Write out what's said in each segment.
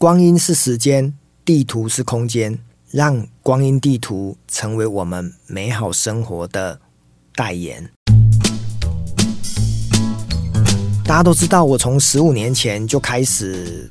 光陰是時間，地圖是空間，讓光陰地圖成為我們美好生活的代言。大家都知道，我從十五年前就開始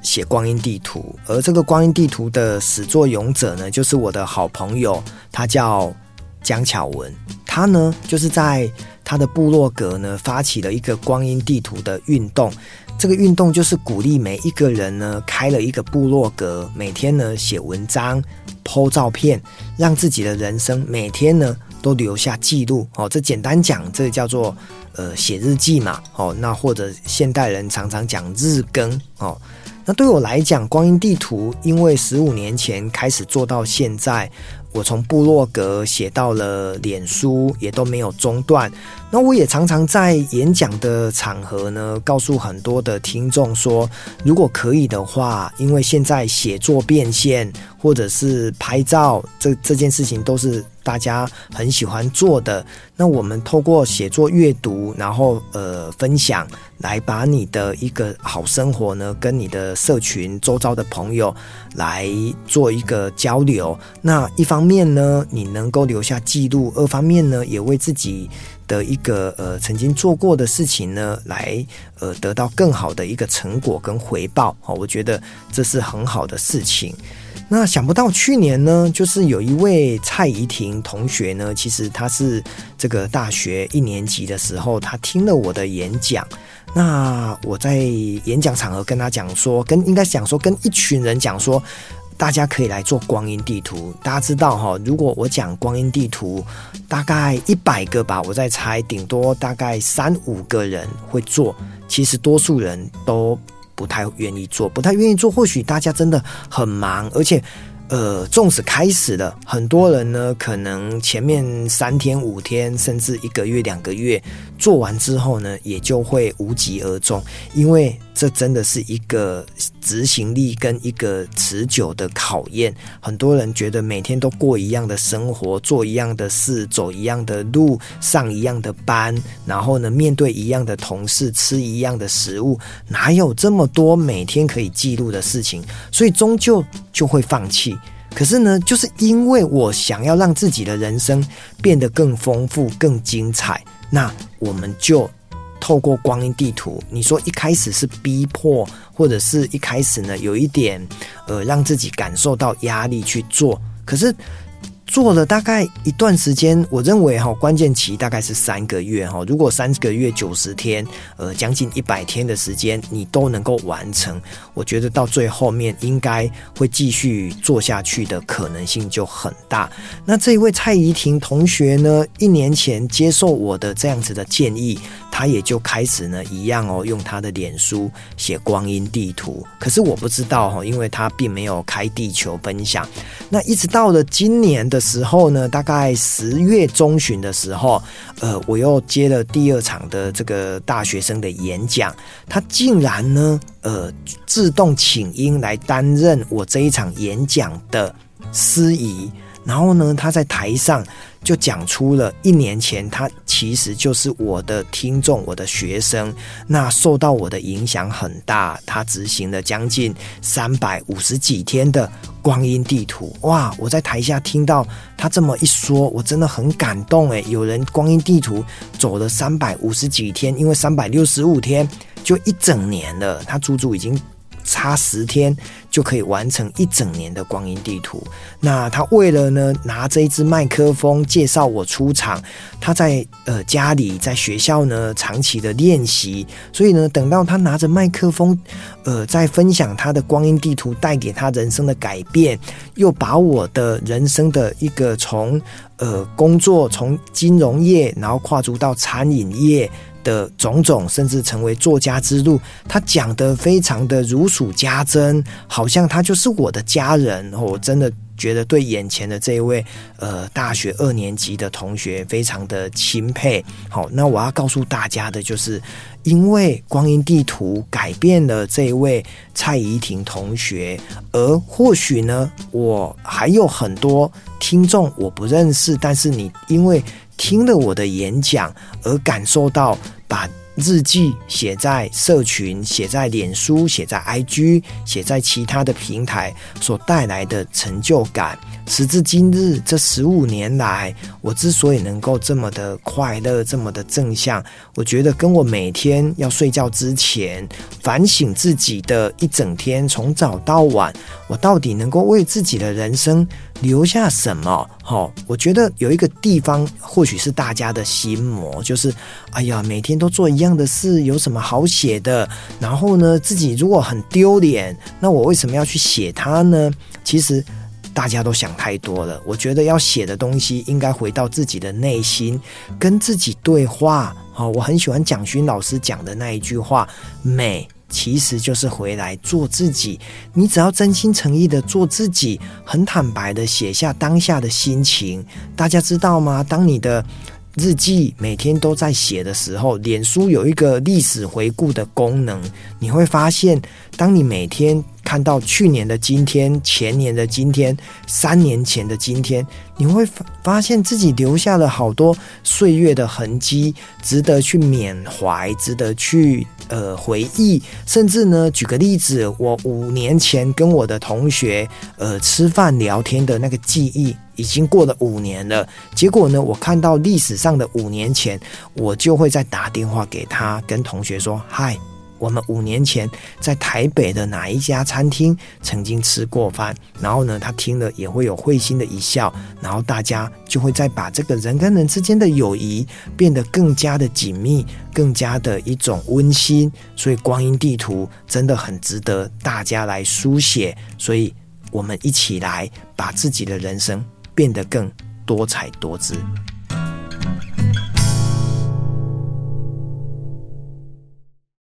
寫光陰地圖，而這個光陰地圖的始作俑者呢，就是我的好朋友，他叫江巧文，他呢，就是在他的部落格呢，發起了一個光陰地圖的運動。這個運動就是鼓勵每一個人呢，開了一個部落格，每天呢寫文章、po 照片，讓自己的人生每天呢都留下記錄。哦，這簡單講，這個叫做呃寫日記嘛。哦，那或者現代人常常講日更。哦，那對我來講，光陰地圖因為十五年前開始做到現在。我從部落格寫到了臉書，也都沒有中斷。那我也常常在演講的場合呢，告訴很多的聽眾說，如果可以的話，因為現在寫作變現或者是拍照這這件事情，都是大家很喜歡做的。那我們透過寫作、閱讀，然後呃分享，來把你的一個好生活呢，跟你的社群周遭的朋友來做一個交流。那一方面。二方面呢，你能夠留下記錄；二方面呢，也為自己的一個呃曾經做過的事情呢，來呃得到更好的一個成果跟回報，好，我覺得這是很好的事情。那想不到去年呢，就是有一位蔡怡婷同學呢，其實他是這個大學一年級的時候，他聽了我的演講。那我在演講場合跟他講說，跟應該講說跟一群人講說。大家可以來做光陰地圖。大家知道哈，如果我講光陰地圖，大概一百個吧，我在猜，頂多大概三五個人會做。其實多數人都不太願意做，不太願意做。或許大家真的很忙，而且。呃，縱使開始了。很多人呢，可能前面三天、五天，甚至一個月、兩個月做完之後呢，也就會無疾而終，因為這真的是一個執行力跟一個持久的考驗。很多人覺得每天都過一樣的生活，做一樣的事，走一樣的路，上一樣的班，然後呢，面對一樣的同事，吃一樣的食物，哪有這麼多每天可以記錄的事情？所以終究就會放棄。可是呢，就是因為我想要讓自己的人生變得更豐富、更精彩，那我們就透過光陰地圖。你說一開始是逼迫，或者是一開始呢，有一點，呃，讓自己感受到壓力去做，可是。做了大概一段時間，我認為哈關鍵期大概是三個月哈。如果三個月九十天，呃將近一百天的時間你都能夠完成，我覺得到最後面應該會繼續做下去的可能性就很大。那這一位蔡怡婷同學呢，一年前接受我的這樣子的建議。他也就開始呢，一樣哦，用他的臉書寫光陰地圖。可是我不知道哈、哦，因為他並沒有開地球分享。那一直到了今年的時候呢，大概十月中旬的時候，呃，我又接了第二場的這個大學生的演講，他竟然呢，呃，自動請纓來擔任我這一場演講的司儀。然後呢，他在台上就講出了，一年前他其實就是我的聽眾、我的學生，那受到我的影響很大。他執行了將近三百五十幾天的光陰地圖，哇！我在台下聽到他這麼一說，我真的很感動誒，有人光陰地圖走了三百五十幾天，因為三百六十五天就一整年了，他足足已經。差十天就可以完成一整年的光陰地圖。那他為了呢，拿這一支麥克風介紹我出場，他在呃家裡，在學校呢長期的練習。所以呢，等到他拿着麥克風，呃，在分享他的光陰地圖帶給他人生的改變，又把我的人生的一個從呃工作從金融業，然後跨足到餐飲業。的種種，甚至成為作家之路，他講得非常的如數家珍，好像他就是我的家人。我真的覺得對眼前的這一位呃大學二年級的同學非常的欽佩。好，那我要告訴大家的就是，因為《光陰地圖》改變了這位蔡怡婷同學，而或許呢，我還有很多聽眾我不認識，但是你因為。聽了我的演講而感受到，把日記寫在社群、寫在臉書、寫在 IG、寫在其他的平台所帶來的成就感。時至今日，這十五年來，我之所以能夠這麼的快樂、這麼的正向，我覺得跟我每天要睡覺之前反省自己的一整天，從早到晚，我到底能夠為自己的人生。留下什麼？好，我覺得有一個地方或許是大家的心魔，就是，哎呀，每天都做一樣的事，有什麼好寫的？然後呢，自己如果很丟臉，那我為什麼要去寫它呢？其實大家都想太多了。我覺得要寫的東西應該回到自己的內心，跟自己對話。好，我很喜歡蔣勳老師講的那一句話，美。其實就是回來做自己，你只要真心誠意的做自己，很坦白的寫下當下的心情，大家知道嗎？當你的日記每天都在寫的時候，臉書有一個歷史回顧的功能，你會發現當你每天，看到去年的今天、前年的今天、三年前的今天，你會發現自己留下了好多歲月的痕跡，值得去緬懷，值得去呃回憶。甚至呢，舉個例子，我五年前跟我的同學呃吃飯聊天的那個記憶，已經過了五年了。結果呢，我看到歷史上的五年前，我就會再打電話給他，跟同學說：“嗨。”我們五年前在台北的哪一家餐廳曾經吃過飯，然後呢，他聽了也會有會心的一笑，然後大家就會再把這個人跟人之間的友誼變得更加的緊密，更加的一種溫馨。所以，光陰地圖真的很值得大家來書寫。所以，我們一起來把自己的人生變得更多彩多姿。